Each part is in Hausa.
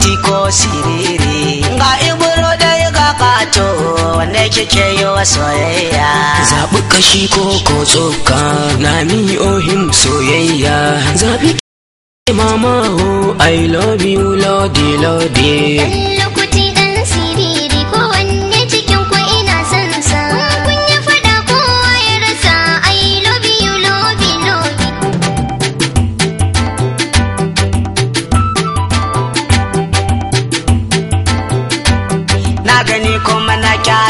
Tiko ko siriri ga ibro dai ga kato wanda kike yi wa soyayya zaɓi kashi ko ko tsoka na mi ohim soyayya zaɓi mama ho i love you lordy lordy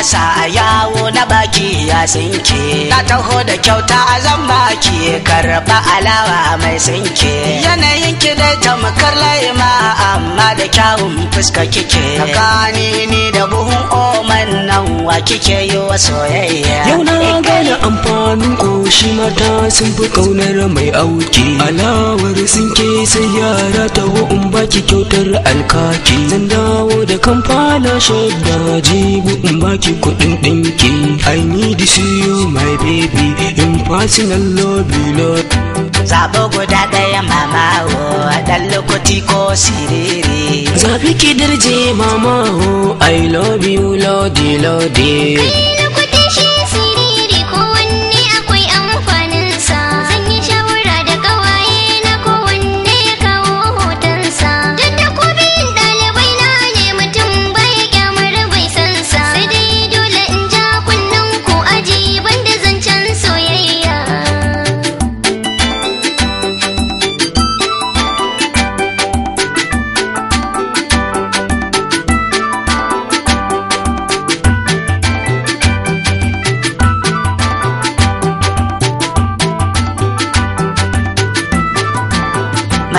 sa a yawo na baki ya tsinke na taho da kyauta a zan baki karba alawa mai tsinke yanayin ki dai tamkar laima amma da kyawun fuska kike tsakani ni da buhun oman nan wa kike yi wa soyayya eh, shi mata sun fi kaunar mai auki alawar sun ke sai yara ta in baki kyautar alkaki zan dawo da kamfana shadda jibu in baki kudin dinki i need to you my baby in personal love love Zabo guda daya mama o dan lokaci ko sirere Zabi ki dirje mama o I love you lordy lordy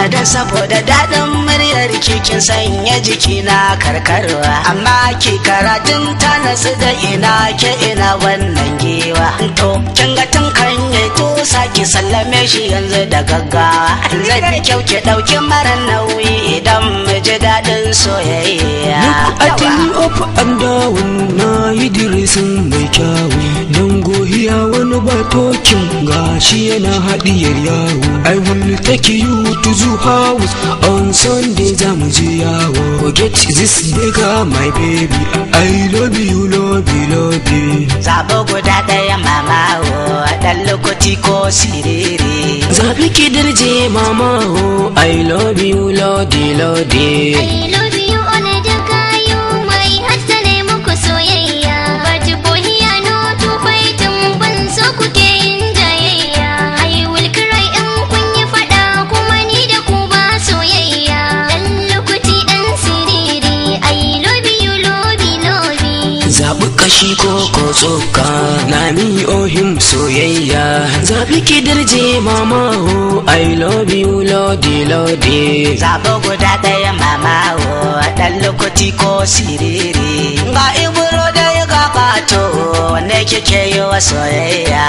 da saboda daɗin muryar kikin sanya jiki na karkarwa amma ki karatun ta nasu da ina ke ina wannan giwa to kin ga tun kan yi to saki sallame shi yanzu da gaggawa zai fi kyau ki ɗauki mara nauyi idan mu ji daɗin soyayya. a tuni ofu an dawo na yi dirisin mai kyawu don gohiya wani batokin ruwa shi yana haɗiyar yawo I will take you to zoo house on Sunday za mu je yawo Get this nigga my baby I love you love you love you Zaɓo guda ɗaya mama o oh, ɗan lokaci ko siriri Zaɓi ki darje mama o oh, I love you love you. kashi ko ko tsoka na mi ohim soyayya zaɓi ki darje mama ho i love you lodi lodi zaɓi guda ɗaya mama ho ɗan lokaci ko siriri ga iburo da ya gabato ne kike yi soyayya